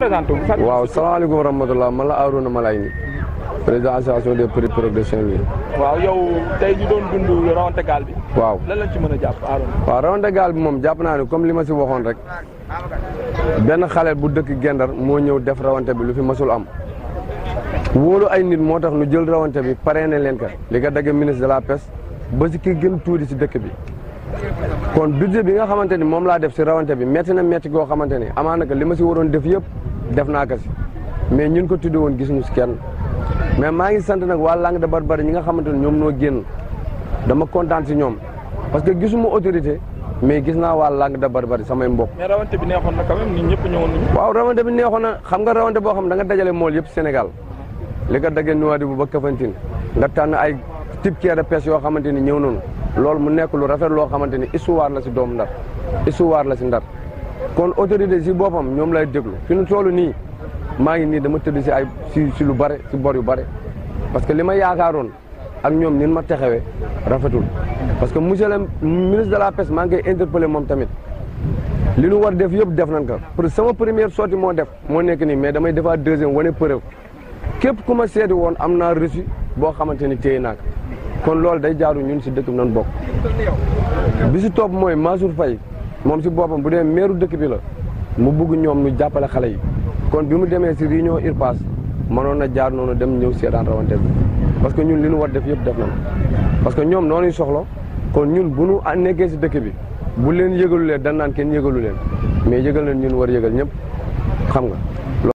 waaw salaamaaleykum wa rahmatulah man mala Arouna Malaye président association des prix progression bi. waaw yow tey ñu doon dund rawante gaal bi. waaw lan lañ ci mën a jàpp Arouna. waaw gaal bi moom jàpp naa ne comme li ma si waxoon rek benn xale bu dëkk Gendar moo ñëw def rawante bi lu fi masul am wóolu ay nit moo tax ñu jël rawante bi parrainé leen ka li ko daggee ministre de la pêche ba si ki gën tuuti si dëkk bi. kon budget bi nga xamante ni moom laa def si rawante bi métti na métti goo xamante ni amaana li ma si waroon def yëpp. def naa ko si mais ñun ko tuddee woon gis ñu si kenn mais maa ngi sant nag waa Langue de bari ñi nga xamante ne ñoom noo génn dama kontaan si ñoom parce que gisuma autorité mais gis naa waa Langue de bari samay mbokk. mais rawante bi neexoon na quand même nit ñëpp ñëwoon nañu. waaw rawante bi neexoon na xam nga rawante boo xam da nga dajale mool yëpp Sénégal li ko daggee Nouadhibou ba Kafountine nga tànn ay type quai de pêche yoo xamante ni ñëw nañu loolu mu nekk lu rafet loo xamante ni histoire la si doomu ndar histoire la si ndar. kon autorité si boppam ñoom lay déglu fi ñu toll nii maa ngi nii dama tëdd si ay si si lu bare si bor yu bare parce que li ma yaakaaroon ak ñoom nin ma texewe rafetul parce que mu le ministre de la pêche maa ngi koy interpellé moom tamit li ñu war def yëpp def nañ ko pour sama première sortie moo def moo nekk nii mais damay defaat deuxième wane preuve képp ku ma seeti woon am naa reçu boo xamante ni téye naa ko kon loolu day jaaru ñun si dëkk nan bokk bi si topp mooy Mansour Faye moom si boppam bu dee meeru dëkk bi la mu bugg ñoom ñu jàppale xale yi kon bi mu demee si réunion URPAS mënoon na jaar noonu dem ñëw seetaan rawante bi parce que ñun li ñu war def yëpp def nañ parce que ñoom noonu soxla kon ñun bu ñu nekkee si dëkk bi bu leen yëgalu leen dan naan kenn yëgalu leen mais yëgal leen ñun war yëgal ñëpp xam nga